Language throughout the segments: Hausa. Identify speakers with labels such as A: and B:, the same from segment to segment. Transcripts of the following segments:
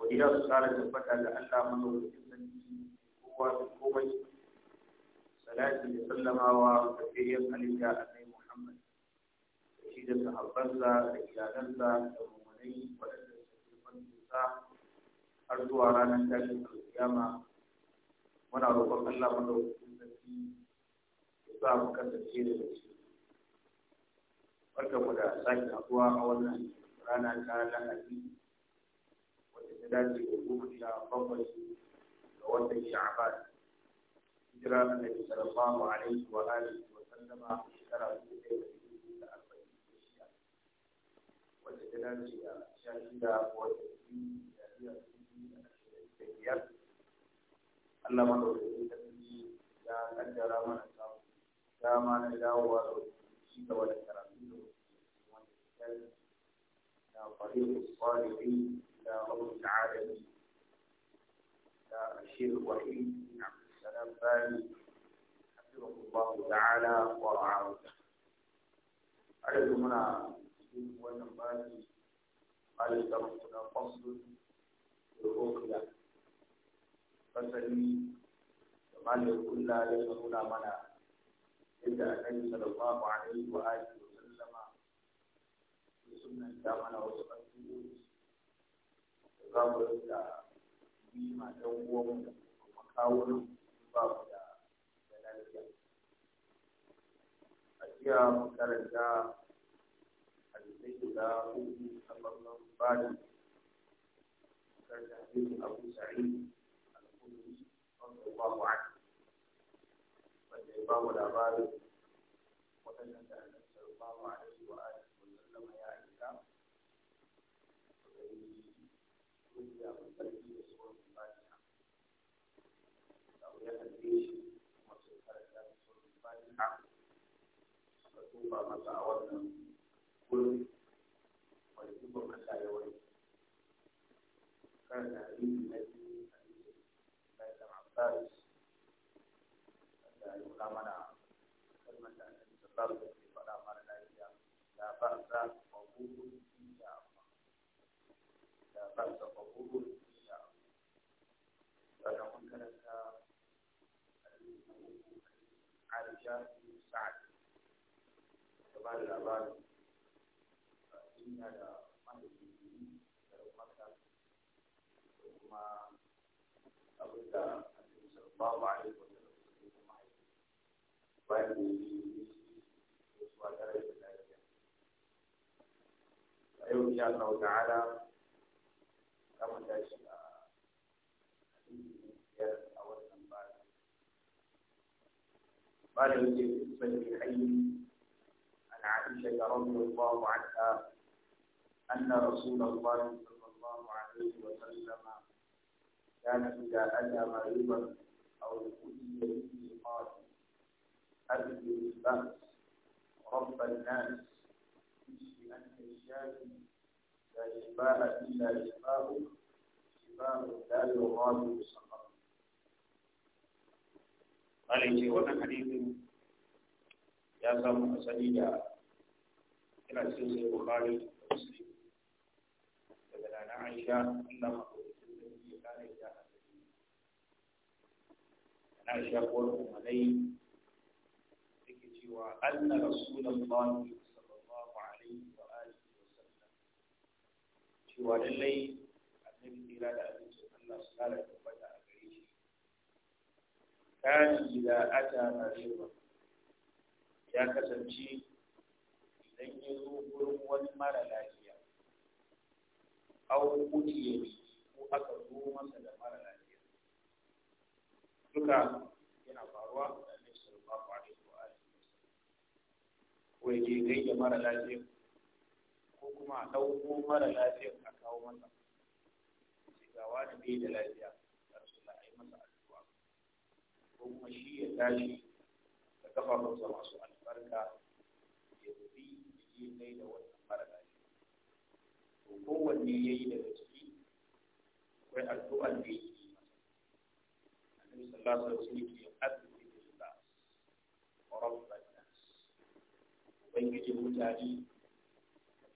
A: godiya su tsara tabbata da Allah malaukakin sarki kowa da komai salati da sallamawa ga fiyayyen halitta annabi Muhammad da shi da sahabbansa da iyalansa da mummunai waɗanda suke fansa har zuwa ranar tashin alkiyama muna roƙon Allah malaukakin sarki ya sa mu da sake a wannan rana ta lahadi dace da goma sha da wanda watan sha'ban Kira na nabi sallallahu alaihi wa alihi wa sallama shekara dubu ɗaya da dubu da arba'in da shida wanda ta dace da sha shida da biyar da ashirin da biyar Allah ta ya kaddara mana samu dama na dawowa da ci gaba wani karatu da ya da يا رب العالمين يا بشير وحيد بن عبد السلام باني حفظه الله تعالى ورعاه أعلم هنا ونباني قال ربنا فصل الرقية فسلي وما يقول لا يكون منا إلا النبي صلى الله عليه وآله وسلم بسنة دامنا وسنة za mu rinka yi ma ɗan uwanmu da kuma kawo ba mu da lafiya. A jiya mu karanta hadisai guda hudu a farkon bani. Karanta hadisin Abu Sa'id al-Khudri wanda ya ba mu wanda ya ba mu labarin jefa masa a wannan kulmi wani zuba masa ya wani kan na yin na biyu a cikin a da amfani da yi wula mana kalmar da annabi sallallahu alaihi wasallam faɗa mana lafiya da ba za mabudun insha da ba za mabudun insha Allah da mun karanta al-Aisha Sa'd ba da labarin duniya da mahaifin jini da maka da kuma abin da annabi sallallahu da a yau insha Allah kama a a da عائشة رضي الله عنها أن رسول الله صلى الله عليه وسلم كان إذا أتى مريضا أو ابتلي به قال أرجو البأس رب الناس اشف أنت الشافي لا شفاء إلا شفاؤك شفاء لا يغادر سقرا. قال إن حديث يا ya سيدي yana cikin sai bukari da muslim daga nana aisha Allah maɗaukakin sarki ya kare ta a sarki nana aisha kuwar umarai take cewa anna rasulullahi sallallahu alaihi wa alihi wa sallam cewa lallai annabi tsira da abincin Allah su kare tabbata a gare shi kana idza ata mariba ya kasance idan ya zo gurin wani mara lafiya au kudi ya bi ko aka zo masa da mara lafiya duka yana faruwa da annabi sallallahu alaihi wa alihi
B: Wai ke je gaida mara lafiya
A: ko kuma a ɗauko mara lafiya a kawo masa ga da bai da lafiya ya rasu da ai masa addu'a ko kuma shi ya tashi da kafafunsa masu albarka shi zai da wannan to kowanne ya yi daga ciki akwai addu'ar da yake yi masa annabi sallallahu alaihi wasallam yake addu'a da wa rabban nas ubangiji mutane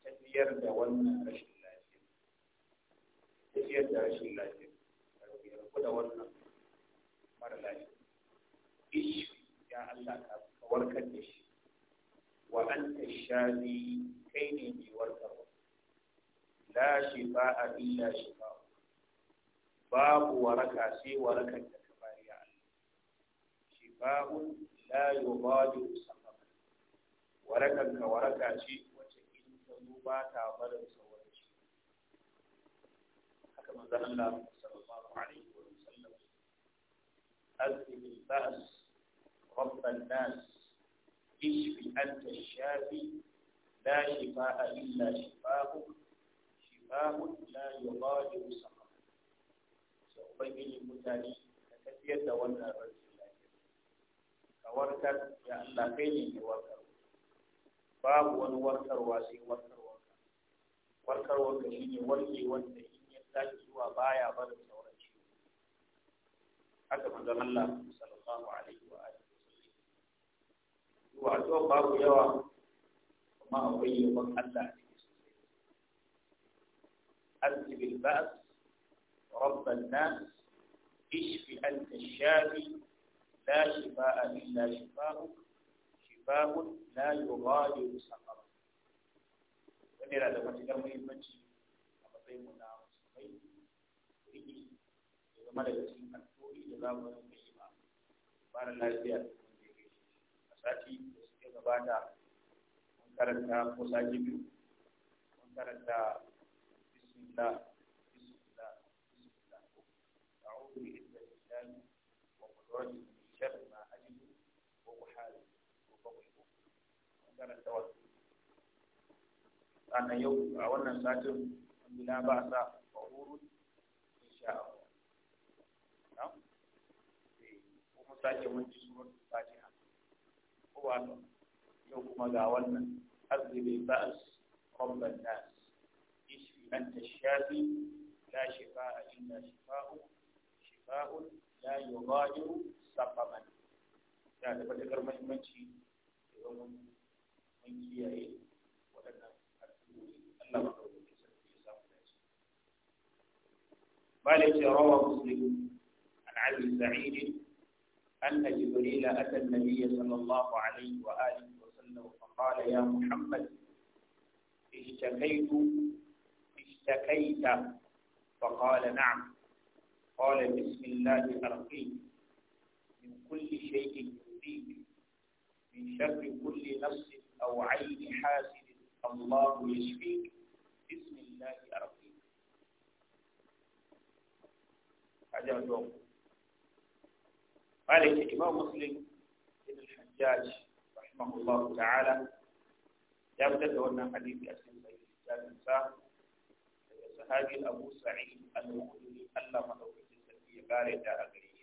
A: tafiyar da wannan rashin lafiya tafiyar da rashin lafiya ya rabu da wannan mara lafiya ishi ya Allah ka warkar da shi wa anta shafi kai ne mai warkarwa la a illa shifa'u
B: babu waraka
A: sai warakan da ka bari ya Allah shifa'un la yubadiru safara warakan ka waraka ce wacce in ta zo ba ta barin sauran shi haka manzon Allah sallallahu alaihi wa sallam azmi ba'as rabban nas اشفي أنت الشافي لا شفاء إلا شفاءك شفاء لا يغادر سقما سأبين المتالي Allah warkar babu wani warkarwa sai warkarwa warkarwa shi ne warke wanda in baya barin sauran haka Allah sallallahu alaihi to addu'a babu yawa kuma akwai yawan Allah ne أذهب البأس رب الناس اشف أنت الشافي لا شفاء إلا شفاءك شفاء لا يغادر سقما wani yana da matuƙar muhimmanci a matsayin mu na musulmai riƙi da zama daga cikin alƙoli da za mu rinka yi ma fara lafiya sati da suke gabata mun karanta ko sati biyu mun karanta bismillah bismillah bismillah a'udhu bi illahi wa qudratihi min sharri ma ajidu wa uhadu wa qawlihi mun karanta wannan sannan yau a wannan satin bila ba sa fahurun insha Allah. Kuma eh, sake mun ji surat Fatiha. kwanan yau kuma ga wannan arziki ba'as rabban nas ishfi anta shafi la shifaa illa shifaa'u shifaa'un la yughadiru saqaman ya da matakar muhimmanci domin mun kiyaye waɗannan addu'o'i Allah ba ka rubuta sarki ya samu dace da ya rawa muslim an abi sa'id أن جبريل أتى النبي صلى الله عليه وآله وسلم فقال يا محمد اشتكيت اشتكيت فقال نعم قال بسم الله أرقيك من كل شيء يؤذيك من شر كل نفس أو عين حاسد الله يشفيك بسم الله أرقيك عجبتكم قال الإمام مسلم بن الحجاج رحمه الله تعالى يبدأ أن حديث أسلم بن الحجاج النساء الصحابي أبو سعيد ألف له مدوكة في قال دار قريش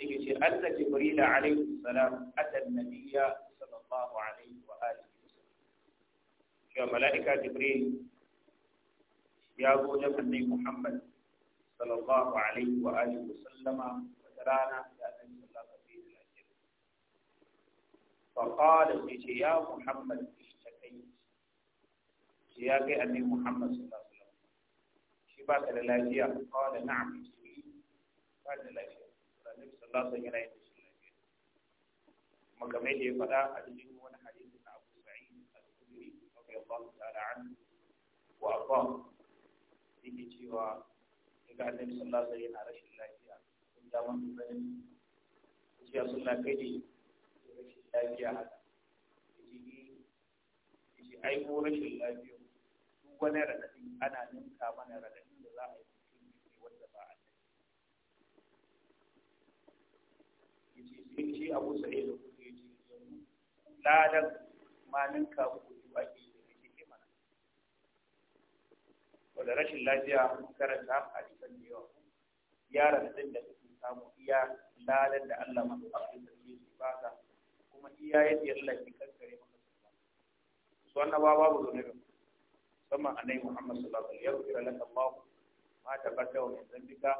A: يجي أن جبريل عليه السلام أتى النبي صلى الله عليه وآله وسلم ملائكة جبريل يا أبو جبل محمد صلى الله عليه وآله وسلم rana da annabi sallallahu alaihi wasallam fa qala ce ya muhammad ishtakai ce ya kai annabi muhammad sallallahu alaihi shi ba ka da lafiya qala na'am shi ba da lafiya annabi sallallahu alaihi wasallam kuma kamar da ya faɗa a cikin wani hadisi na Abu Sa'id al wa cewa daga annabi yana rashin lafiya ya wani bayani ya suna gani da rashin lafiya haka ya aiko rashin lafiya duk wani raɗaɗi ana ninka mana raɗaɗi da za a yi mutum ne wanda ba a nan ya ce sai shi abu sa'e da kuma ya ce ladan ma ninka ku yi ake yi da ke mana wanda rashin lafiya karanta a cikin yawa yaran din da samu iya ladan da Allah masu abin da suke su baka kuma iya yadda ya Allah ke kankare maka su ba su wannan ba babu zunubi musamman annabi Muhammad sallallahu alaihi wasallam ya rubuta laka Allah ma ta barka wa mai zambika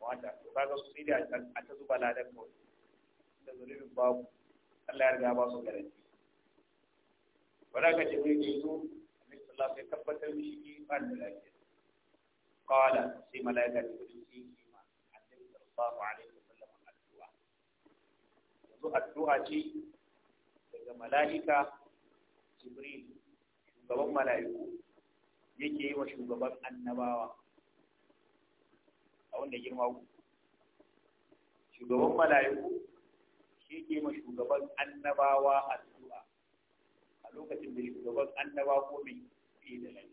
A: wa ta to kaga su sai da a ta zuba ladan kawai da zunubin babu Allah ya riga ba su garanti wala ka ce zai zo annabi sallallahu alaihi wasallam ya tabbatar mishi ki ba da lafiya qala sai malaika ta ce sallallahu alaihi wasallam addu'a yanzu addu'a ce daga mala'ika jibril shugaban mala'iku yake yi wa shugaban annabawa a wanda girma ku shugaban mala'iku shi ke ma shugaban annabawa addu'a a lokacin da shugaban annabawa ko mai fiye da lafiya.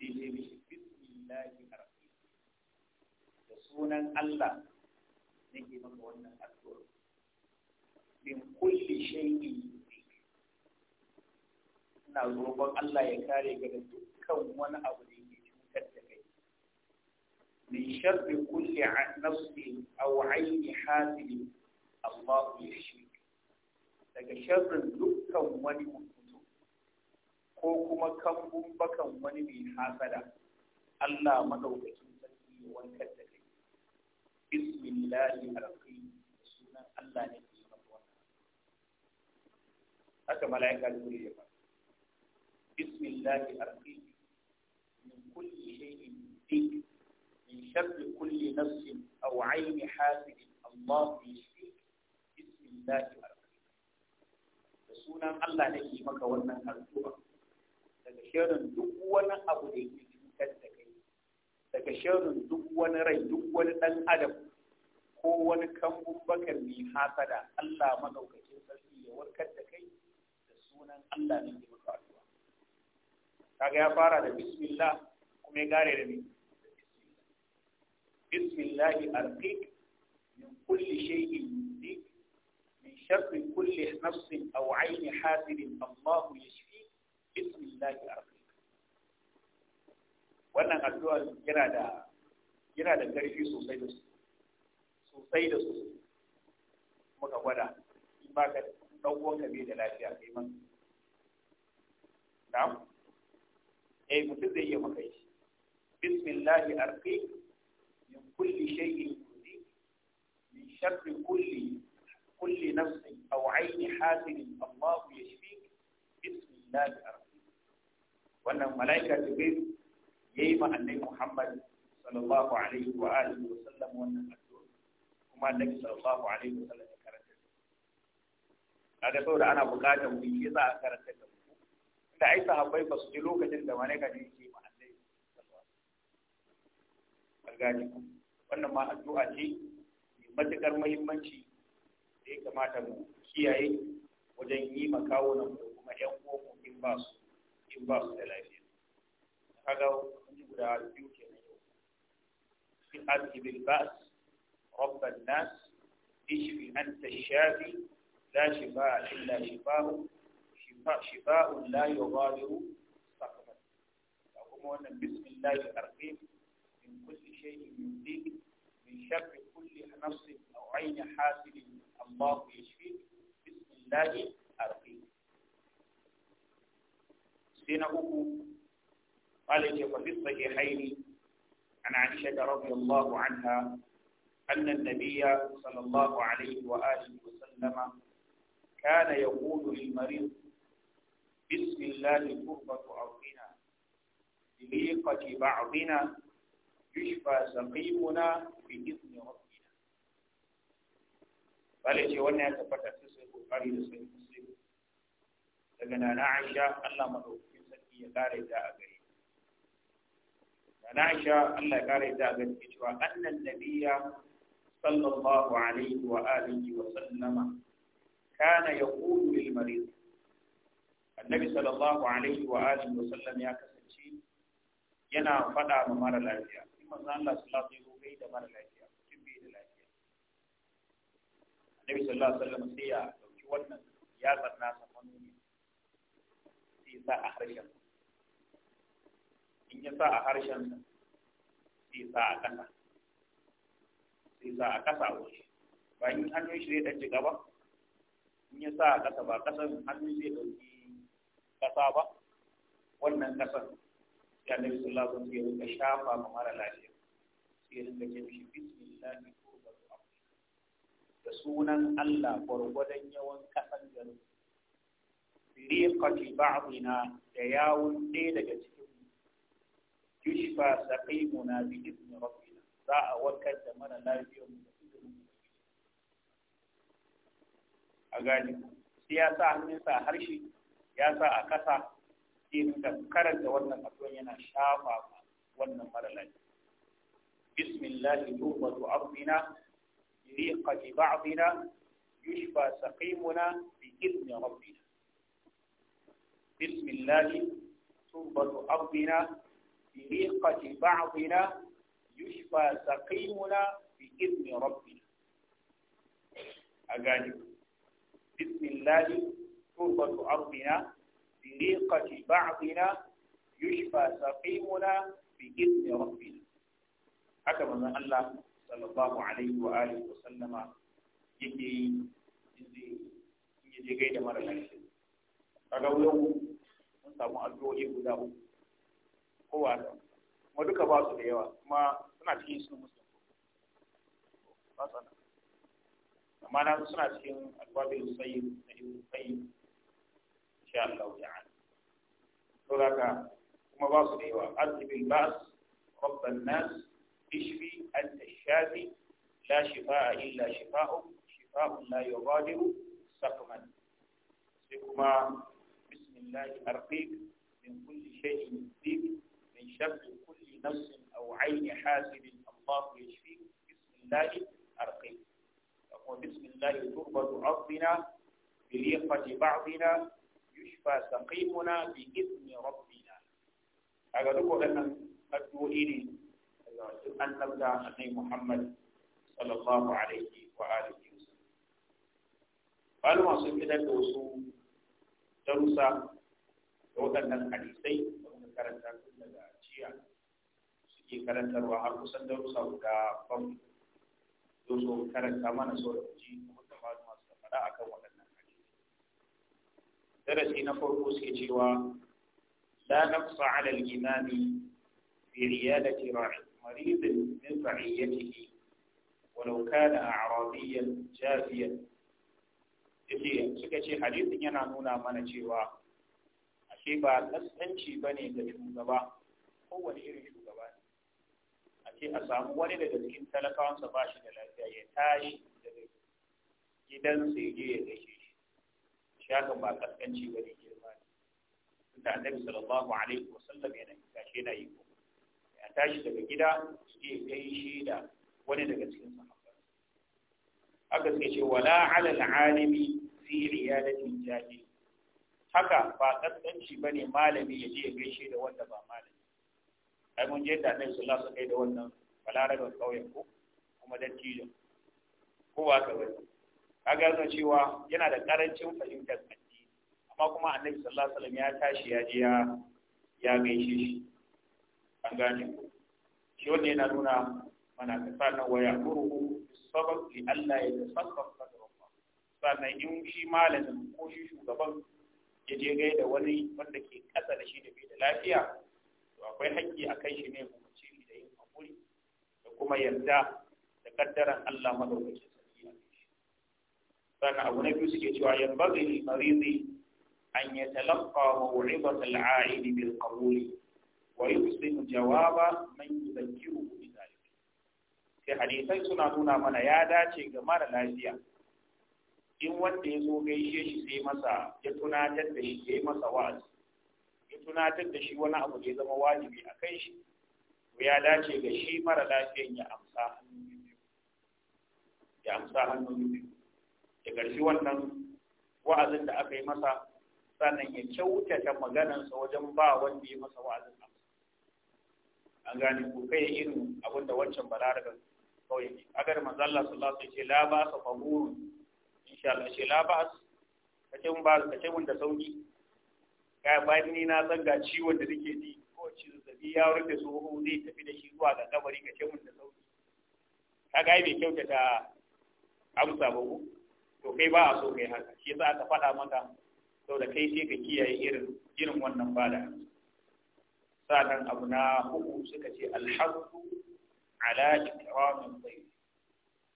A: bismillahi da sunan Allah nake maka wannan addu'a bin kulli shay'in ina roƙon Allah ya kare ka da dukkan wani abu da yake cutar da kai min sharri kulli nafsi aw aini hasidin Allah ya shi daga sharrin dukkan wani mutum ko kuma kambun bakan wani mai hasada Allah madaukakin sarki ya wankar da bismillahi alqi sunan Allah ne ke maka wannan haka malaika da kuri ya fa bismillahi alqi min kulli shay'in dik min sharri kulli nafsin aw ayni hasidin Allah yashfik bismillahi alqi sunan Allah ne ke maka wannan addu'a daga shirin duk wani abu da yake cikin kanka daga sharrin duk wani rai duk wani ɗan adam ko wani kambun bakar mai hasada Allah madaukakin sarki ya warkar da kai da sunan Allah ne ke maka addu'a kaga ya fara da bismillah kuma ya gare da ni bismillah arqiq min kulli shay'in yudik min sharri kulli nafsin aw 'ayni hasidin Allah yashfi bismillah arqiq wannan addu'a yana da yana da ƙarfi sosai da sosai da sosai muka gwada in ba ka ɗan ka bai da lafiya kai man na'am eh mutum zai iya maka shi bismillahi arqi min kulli shay'in yuzi min sharri kulli kulli nafsi aw ayni hasil Allah yashfik bismillahi arqi wannan malaika jibril yayi ma annabi Muhammad sallallahu alaihi wa alihi wa sallam wannan addu'a kuma annabi sallallahu alaihi wa sallam ya karanta kaga saboda ana buƙatar mu yi za a karanta da mu da ai sahabbai ba su ji lokacin da wani ne yi ma annabi sallallahu wannan ma addu'a ce mai matukar muhimmanci da ya kamata mu kiyaye wajen yi ma kawo nan kuma ƴan uwan in ba su in ba su da lafiya kaga guda biyu ke nan yau fi alhibil ba'as rabban nas ishfi anta shafi la shifa'a illa shifa'u shifa'un la yughadiru saqman da kuma wannan bismillahir rahim min kulli shay'in yuzdik min sharri kulli nafsin aw ayn hasidin Allah yashfik bismillahir rahim sai na uku قال في الصحيحين عن عائشة رضي الله عنها أن النبي صلى الله عليه وآله وسلم كان يقول للمريض بسم الله تربة أرضنا بليقة بعضنا يشفى سقيمنا بإذن ربنا فلجي وانا تفتح تسير بخاري لسيد مسلم لقنا نعيشة الله مدعوكين سكي يدار إذا أجري أنا عائشة الله قاري دابت كتوى أن النبي صلى الله عليه وآله وسلم كان يقول للمريض النبي صلى الله عليه وآله وسلم يا كسنشي ينا فدا ممار الأجياء إما صلى الله عليه وسلم وقيد مار الأجياء النبي صلى الله عليه وسلم سيئا لو يا ناسا مني سيئا أخرجا in ya sa a harshen sai sa a ƙasa sai sa a ƙasa waje ba in hannun shi zai ɗan gaba in ya sa a ƙasa ba ƙasan hannun zai ɗauki ƙasa ba wannan ƙasan sai annabi sallallahu alaihi wasallam ya shafa ma mara lafiya sai ya rinka ce mishi bismillahi da sunan Allah gwargwadon yawan ƙasan garin riƙati ba'dina da yawun ɗaya daga cikin يشفى سقيمنا باذن ربنا ساء وكل زمن لا يوم أجانب سياسة نساء هرشي سياسة أكسا بسم الله نوبة عرضنا بريقة بعضنا يشفى سقيمنا بإذن ربنا بسم الله نوبة عرضنا برقة بعضنا يشفى سقيمنا بإذن ربنا أغاني بسم الله تربة أرضنا برقة بعضنا يشفى سقيمنا بإذن ربنا haka manzon Allah sallallahu alaihi wa sallama yake yi yaje gaida mara lafiya kaga yau mun samu addu'o'i guda uku ko ba kuma duka ba su da yawa kuma suna cikin su muslim ba su amma na suna cikin alwabin sayi na ibn sayi insha Allah ta'ala to haka kuma ba su da yawa azbil bas rabban nas ishfi anta shafi la shifaa illa shifaa'u shifaa'un la yughadiru saqman sai kuma bismillah arqiq min kulli shay'in yusik من شر كل نفس أو عين حاسد الله يشفيك بسم الله أرقيك يقول بسم الله تربة أرضنا بليقة بعضنا يشفى سقيمنا بإذن ربنا هذا لكم أن الدولين أن نبدأ أخي محمد صلى الله عليه وآله وسلم قال ما صفت الوصول درسا waɗannan لنا الحديثين ke karantarwa har kusan darussa guda fam don so karanta mana so da kuji wata malama suka faɗa akan waɗannan hadisi darasi na farko suke cewa la naqsa ala al-imam fi riyadati marid min ra'iyatihi walau kana a'rabiyyan jaziyan yake suka ce hadisin yana nuna mana cewa ashe ba kaskanci bane ga shugaba kowane irin shugaba sai a samu wani daga cikin talakawansa ba shi da lafiya ya tashi daga gidan ya je ya gaishe shi shi ba kaskanci ba ne girma ne tunda annabi sallallahu alaihi wasallam yana gashi na yi ya tashi daga gida ya je gaishe da wani daga cikin sahabbai haka sai ce wala ala al'alimi fi iyalati jahili haka ba kaskanci bane malami ya je ya gaishe da wanda ba malami ai mun je da annabi sallallahu alaihi kai da wannan da kauyen ko kuma dattijo ko ba ka wani kaga zan cewa yana da karancin fahimtar addini amma kuma annabi sallallahu alaihi wasallam ya tashi ya je ya ya gaishe shi an gane ku. shi wannan yana nuna mana ka nan waya kuruhu sabab li Allah ya tasaffaf sadruhu sannan in shi malamin ko shi shugaban ya je gai da wani wanda ke kasa da shi da bai da lafiya akwai haƙƙi a kai shi ne kuma shi da yin haƙuri da kuma yarda da kaddaran Allah madaukakin sarki a kai shi abu na biyu suke cewa yan bari marizi an yatalaqqa maw'idat al-'aid bil qabuli wa yusbihu jawaba man yudhakkiruhu bi dhalik sai hadisai suna nuna mana ya dace ga mara lafiya in wanda ya zo gaishe shi sai masa ya tunatar da shi sai masa wa'azi tunatar da shi wani abu da ya zama wajibi a kai shi ya dace ga shi mara lafiyan ya amsa hannu ya amsa hannu biyu ya garshi wannan wa'azin da aka yi masa sannan ya kyautata maganarsa wajen ba wanda ya masa wa'azin amsa an gane ko kai irin abin da wancan balaraga kawai ne agar manzalla sallallahu alaihi wasallam la ba sa famurun insha Allah ce la ba ce mun ba mun da sauki kai bayan ni na zanga ciwon da nake ji ko ci zazzabi ya rufe tsoho zai tafi da shi zuwa ga kabari ka ce mun da sauki ka ga kyautata amsa ba ku to kai ba a so kai haka shi yasa aka faɗa maka saboda kai sai ka kiyaye irin irin wannan bada sa'an abu na uku suka ce alhazu ala ikramin bayt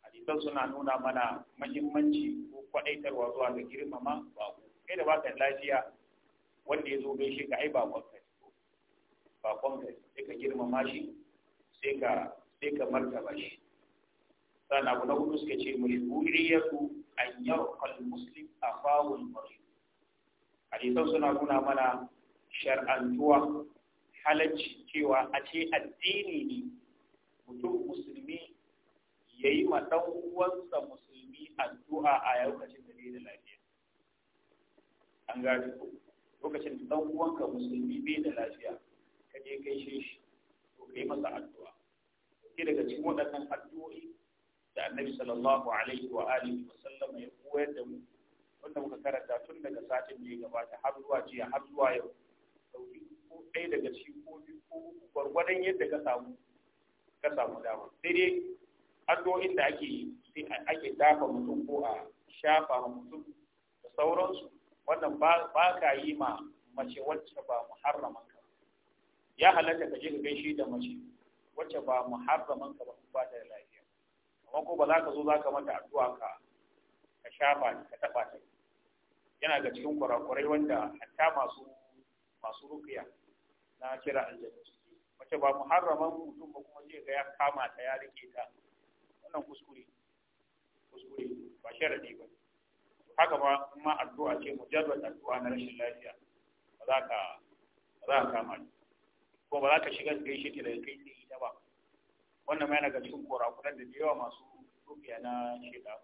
A: hadisan suna nuna mana mahimmanci ko kwadaitarwa zuwa ga girmama ba kai da ka lafiya wanda ya zo bai shi ka ai bakon ka bakon ka sai ka girmama shi sai ka sai ka martaba shi sannan abu na hudu suka ce mashru'iyyatu an yarqal muslim afahu al-marid hadisan suna nuna mana shar'antuwa halacci cewa a ce addini ne mutum musulmi ya yi ma ɗan uwansa musulmi addu'a a lokacin da ne da lafiya an gaji ko lokacin da dan uwanka musulmi bai da lafiya ka je kai shi to kai masa addu'a ke daga cikin waɗannan addu'o'i da annabi sallallahu alaihi wa alihi wa sallam ya koyar da mu wanda muka karanta tun daga satin da ya gabata har zuwa jiya har zuwa yau ko ɗaya daga cikin ko biyu ko uku gwargwadon yadda ka samu ka samu dama sai dai addu'o'in da ake ake dafa mutum ko a shafa mutum da sauransu wannan ba ka yi ma mace wacce ba muharraman ka ya halatta ka je ka gaishe da mace wacce ba muharraman ka ba ba da lafiya amma ko ba za ka zo za ka mata addu'a ka ka shafa ka taba ta yana ga cikin kurakurai wanda hatta masu masu rukiya na kira aljanna mace ba muharraman mutum ba kuma je ga ya kama ta ya rike ta wannan kuskure kuskure ba sharadi ba haka ba ma addu'a ce mujarrad addu'a na rashin lafiya ba za ka ba za ka kama ni ko ba za ka shiga cikin shi daga kai ne ita ba wannan ma yana ga cikin kurakuran da yawa masu rubiya na da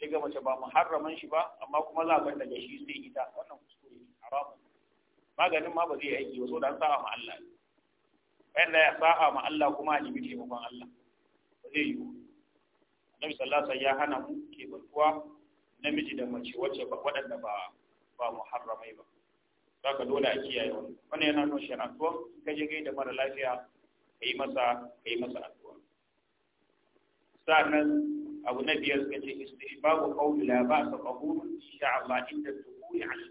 A: sai ga mace ba muharraman shi ba amma kuma za a bar daga shi sai ita wannan kuskure ne haramun maganin ma ba zai aiki ba so da sa'a ma Allah bayan da ya sa'a ma Allah kuma a jibi taimakon Allah ba zai yiwu Nabi sallallahu alaihi wasallam ya hana mu ke batuwa. namiji da mace wacce ba waɗanda ba ba muharramai ba za ka dole a kiyaye wani wannan yana nuna shi addu'a ka je gai da mara lafiya ka yi masa ka yi masa addu'a sannan abu na biyar ka ce istihbabu qawli la ba'sa qabul insha Allah inda an al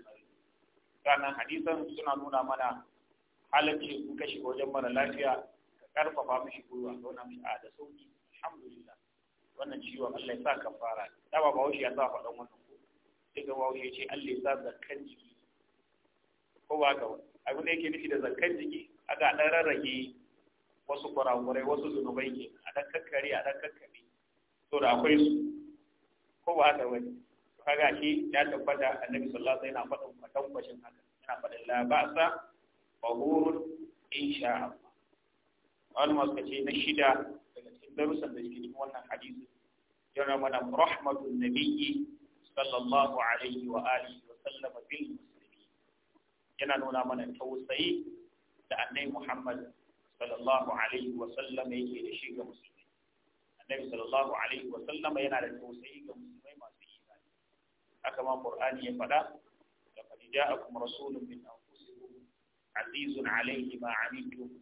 A: sannan hadisan suna nuna mana halacci in ka wajen mara lafiya ka karfafa mishi gwiwa ka nuna a ah, da sauki alhamdulillah wannan ciwon Allah ya sa fara. dama ba wuce ya sa faɗan wannan ko sai ga wawo ya ce Allah ya sa zakkan jiki ko ba ga abin da yake nufi da zakkan jiki aka dan rarrage wasu kurakurai wasu zunubai ke a dan kakkari a dan kakkare to da akwai su ko ba haka wani kaga shi ya tabbata annabi sallallahu alaihi wasallam yana faɗin kwatankwashin haka yana faɗin la ba'sa wa hurun insha Allah wani masu ce na shida darussan da cikin wannan hadisi yana mana rahmatun nabiyyi sallallahu alaihi wa alihi wa sallam bil muslimin yana nuna mana tausayi da annabi Muhammad sallallahu alaihi wa sallam yake da shi ga musulmi annabi sallallahu alaihi wa sallam yana da tausayi ga musulmai masu imani haka ma qur'ani ya faɗa laqad ja'akum rasulun min anfusikum azizun alaihi ma anittum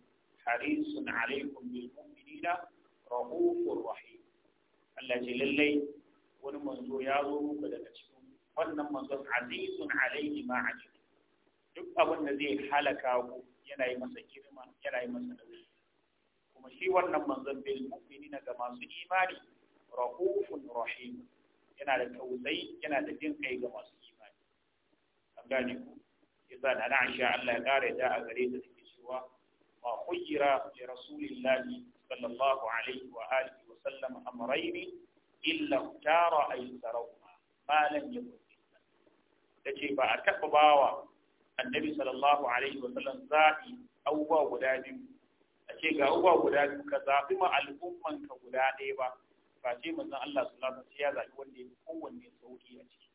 A: harisun alaikum bil mu'minina rahufur rahim Allah ce lallai wani manzo ya zo muku daga cikin wannan manzon azizun alaihi ma ajib duk abin da zai halaka ku yana yi masa girma yana yi masa nauyi kuma shi wannan manzon bil mu'minina ga masu imani rahufun rahim yana da tausayi yana da jin kai ga masu imani an gane ku yasa da na Allah ya kare ta a gare ta take cewa ma khuyira li rasulillahi صلى الله عليه وآله وسلم أمرين إلا اختار أيسرهما ما لم يكن tace ba a taɓa bawa annabi sallallahu alaihi wa sallam zaɓi abubuwa guda biyu a ce ga abubuwa guda biyu ka zaɓi ma al'umman ka guda ɗaya ba ba ce manzon Allah sallallahu alaihi wa ya zaɓi wanda ya kowanne sauki a ciki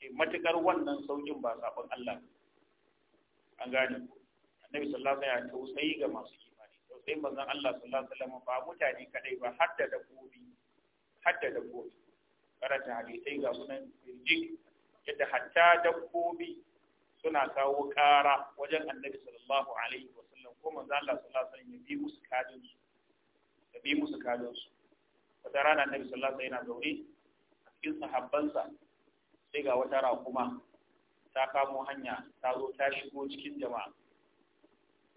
A: ce matukar wannan saukin ba sabon Allah an gane annabi sallallahu alaihi wa sallam ya tausayi ga masu yi sai manzon Allah sallallahu alaihi wasallam ba mutane kadai ba har da dabbobi har da dabbobi karanta hadisi ga sunan jin yadda hatta dabbobi suna kawo ƙara wajen annabi sallallahu alaihi wasallam ko manzon Allah sallallahu alaihi wasallam ya bi musu kadin su ya bi musu kadin su wata rana annabi sallallahu alaihi wasallam yana zaune a cikin sahabbansa sai ga wata raƙuma ta kamo hanya ta zo ta shigo cikin jama'a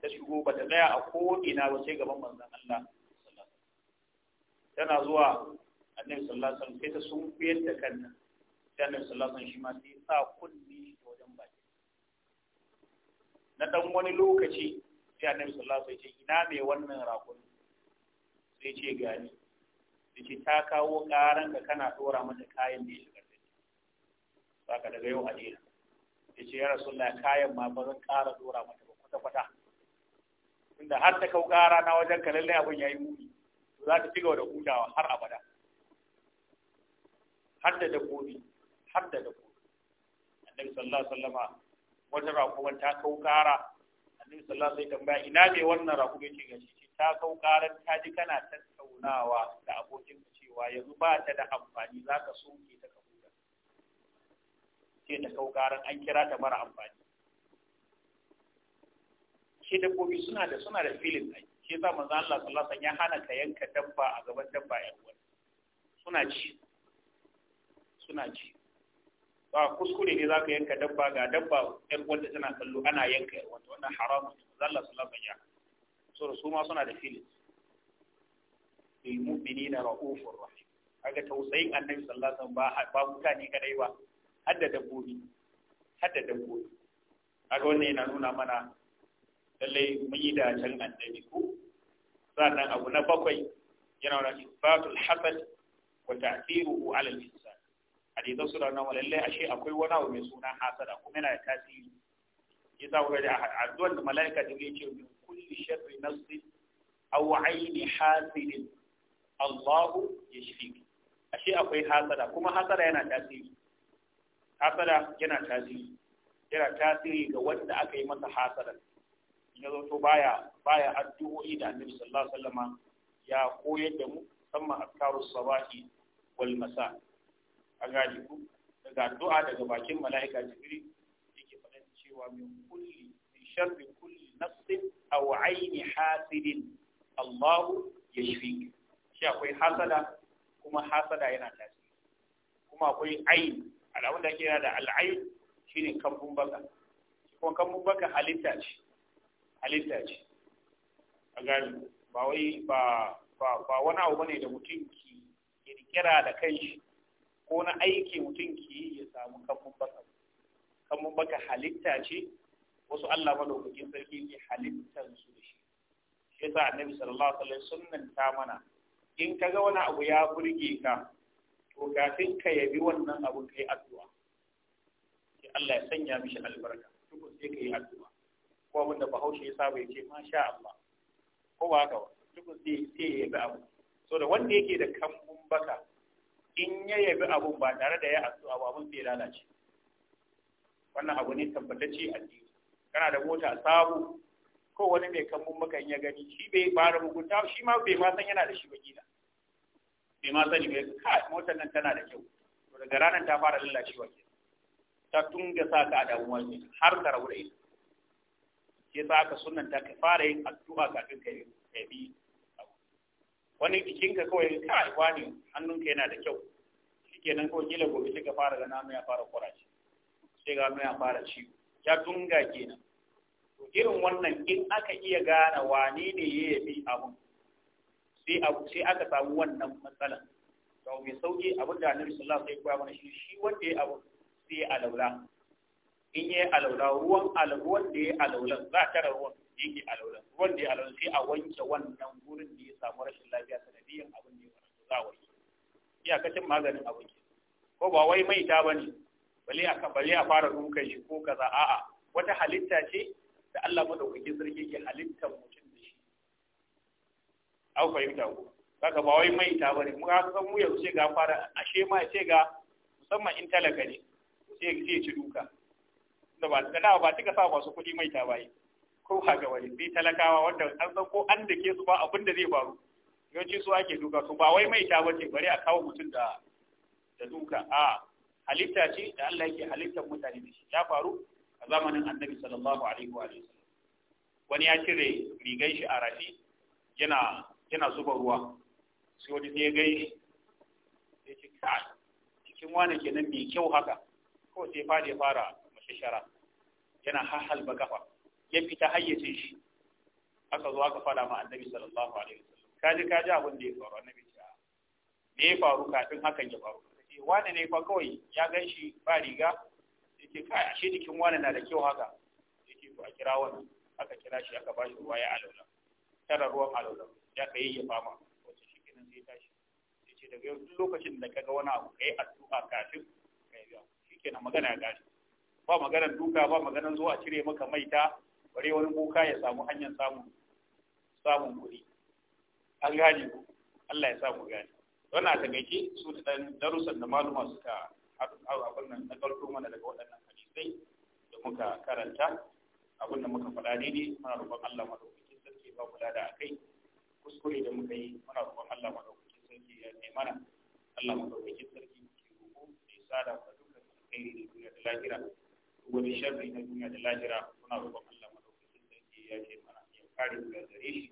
A: ta shigo ba ta tsaya a ko'ina ba sai gaban manzan Allah tana zuwa annabi sallallahu alaihi wasallam sai ta sunkuyar da kanta sai annabi sallallahu alaihi wasallam shi ma sai sa kulli da wajen baki na dan wani lokaci sai annabi sallallahu alaihi wasallam ina mai wannan rakun sai ce gani sai ce ta kawo karan ka kana dora mata kayan da ya shigar da shi saka daga yau a jira ya ce ya rasulullah kayan ma ba zan kara dora mata ba kwata kwata Da har ta kau ƙara na wajen ka lallai abin yayi muni za ta ci da hudawa har abada har da dabbobi har da dabbobi annabi sallallahu alaihi wasallama wata rakuman ta kau ƙara annabi sallallahu alaihi wasallam tambaya ina ne wannan rakuman yake gashi shi ta kau ƙarar ta ji kana tattaunawa da abokin cewa yanzu ba ta da amfani za ka soke ta ka huta ce ta kau ƙarar an kira ta mara amfani shi dabbobi suna da suna da filin ai shi mu zan Allah sallallahu alaihi wasallam ya hana ka yanka dabba a gaban dabba ya uwa suna ci suna ci ba kuskure ne zaka yanka dabba ga dabba ɗan wanda tana kallo ana yanka yar wanda wannan haramun zan Allah sallallahu alaihi wasallam so su ma suna da filin bil mu'minina ra'ufur rahim kaga tausayin annabi sallallahu alaihi wasallam ba ba mutane kadai ba har da dabbobi har da dabbobi kaga wannan yana nuna mana lallai mun yi dacen annabi ko sannan abu na bakwai yana wani isbatul hasad wa ta'thiruhu ala al-insan hadisan sura na lallai ashe akwai wani abu mai suna hasada kuma yana da tasiri yasa wurin da addu'ar da malaika da yake min kulli sharri nafsi aw aini hasidin Allahu yashfiki ashe akwai hasada kuma hasada yana tasiri hasada yana tasiri yana tasiri ga wanda aka yi masa hasada ya to baya baya addu'o'i da annabi sallallahu alaihi wasallama ya koyar da mu samma askaru sabahi wal masa an gane ku daga addu'a daga bakin mala'ika jibril yake faɗan cewa min kulli min sharri kulli nafsin aw aini hasidin Allahu yashfik shi akwai hasada kuma hasada yana tasiri kuma akwai ayin alamun da ke da al'ayin shine kambun baka kuma kambun baka halitta ce halitta ce a gani ba wai ba wani abu bane da mutum ki kirkira da kanshi ko na aiki mutum ki ya samu kamun baka kamun baka halitta ce wasu Allah madaukakin sarki ne halittar su da shi shi yasa annabi sallallahu alaihi wasallam ta mana in kaga wani abu ya burge ka to kafin ka yabi wannan abun kai addu'a sai Allah ya sanya mishi albarka tukun sai kai addu'a ko abin da bahaushe ya saba ya ce sha Allah ko ba haka ba duk sai sai ya yabi abu so da wanda yake da kambun baka in ya yabi abun ba tare da ya addu'a ba abun bai lalace wannan abu ne tabbatacce addini kana da mota sabu ko wani mai kambun baka in ya gani shi bai fara mugunta shi ma bai ma san yana da shi ba kila bai ma sani bai ka motar nan tana da kyau daga ranar ta fara lalacewa ke ta tunga sa ka a damuwa har ka rabu da ita shi za ka sunanta ka fara yin addu'a kafin ka yi bi wani jikinka kawai kai wani hannunka yana da kyau shikenan kawai kila gobe sai ka fara gana mai ya fara kurace sai ga mai ya fara ciwo ya tunga kenan to irin wannan in aka iya gane wane ne ya yabi abun sai abu sai aka samu wannan matsalan to mai sauki abin da annabi sallallahu alaihi wasallam ya koya mana shi wanda ya abu sai ya alaula in yi alaula ruwan alaulan da ya alaula za a tara ruwan yake alaula ruwan da ya alaula sai a wanke wannan gurin da ya samu rashin lafiya sanadiyan abin da ya faru za a wanke iyakacin maganin a wanke ko ba wai mai ta bane bale a kan bale a fara dukan shi ko kaza a'a wata halitta ce da Allah madaukakin sarki ke halittar mutum da shi au fahimta ku kaga ba wai mai ta bane mu ka san mu yau sai ga fara ashe ma sai ga musamman in talaka ne sai sai ci duka da ba da dawa ba duka sa masu kuɗi mai ta baye ko ha wani sai talakawa wanda an san ko an dake su ba abin da zai faru yawanci su ake duka su ba wai mai ta bace bari a kawo mutum da da duka a halitta ce da Allah yake halittar mutane da shi ya faru a zamanin Annabi sallallahu alaihi wa sallam wani ya cire rigan shi a rafi yana yana zuba ruwa sai wani ne ya gai ya ce kai cikin wani kenan mai kyau haka ko sai fa fara shara yana halba kafa ya fita hayyacin shi aka zo aka fada ma annabi sallallahu alaihi wasallam kaji kaji abin da ya faru annabi ce me ya faru kafin hakan ya faru sai wani ne fa kawai ya gan shi ba riga yake kai ashe dikin wani na da kyau haka yake to a kira wani aka kira shi aka bashi ruwa ya alaula tara ruwan alaula ya kai ya fama wace shi kenan sai tashi yace daga yau duk lokacin da kaga wani abu kai addu'a kafin kai ya shikenan magana ya gashi ba maganar duka ba maganar zuwa cire maka maita bare wani boka ya samu hanyar samun samun kuɗi an gane ku Allah ya samu gane wannan ta gaji su da dan darussan da maluma suka abin nan na farko mana daga waɗannan hadisai da muka karanta abin da muka faɗa daidai muna roƙon Allah madaukakin sarki ba mu da akai kuskure da muka yi muna roƙon Allah madaukakin sarki ya ne mana Allah madaukakin sarki ke roƙo da ya sada ka dukkan alkhairi da duniya da lahira wa min sharri na duniya da lahira muna roƙon Allah madaukakin sarki ya ce mana ya kare mu daga gare shi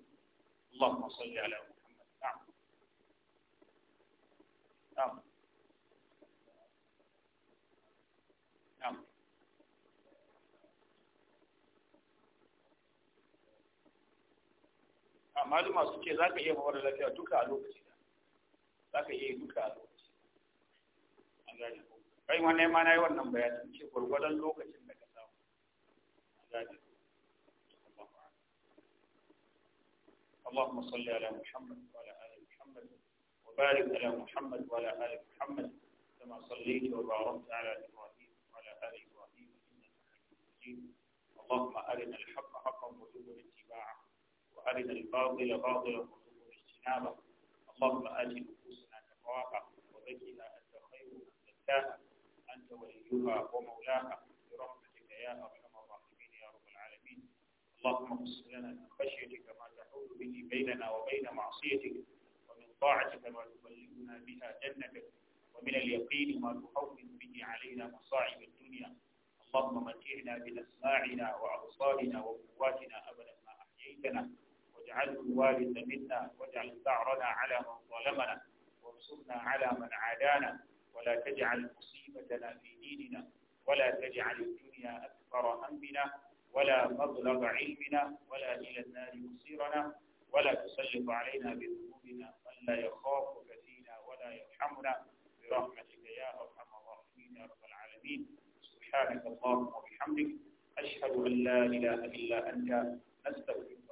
A: Allahumma salli ala Muhammad na'am na'am na'am maluma su ce za ka iya mawar lafiya duka a lokaci da za ka iya duka a lokaci an gane ko kai wannan ma na yi wannan bayanin ce gwargwadon lokacin da ka samu gani اللهم صل على محمد وعلى آل محمد وبارك على محمد وعلى آل محمد كما صليت وباركت على إبراهيم وعلى آل إبراهيم إنك حميد مجيد اللهم أرنا الحق حقا وارزقنا اتباعه وأرنا الباطل باطلا وارزقنا اجتنابه اللهم آت نفوسنا تقواها وزكها أنت خير من زكاها أنت وليها ومولاها برحمتك يا أرحم الراحمين يا رب العالمين اللهم اقسم لنا من خشيتك ما تحول به بيننا وبين معصيتك ومن طاعتك ما تبلغنا بها جنتك ومن اليقين ما تحول به علينا مصاعب الدنيا اللهم متعنا بأسماعنا وأبصارنا وقواتنا أبدا ما أحييتنا واجعله الوالد منا واجعل ثأرنا على من ظلمنا وانصرنا على من عادانا ولا تجعل مصيبتنا في ديننا ولا تجعل الدنيا أكبر همنا ولا مبلغ علمنا ولا إلى النار مصيرنا ولا تسلط علينا بذنوبنا من لا يخافك فينا ولا يرحمنا برحمتك يا أرحم الراحمين يا رب العالمين سبحانك اللهم وبحمدك أشهد أن لا إله إلا أنت نستغفرك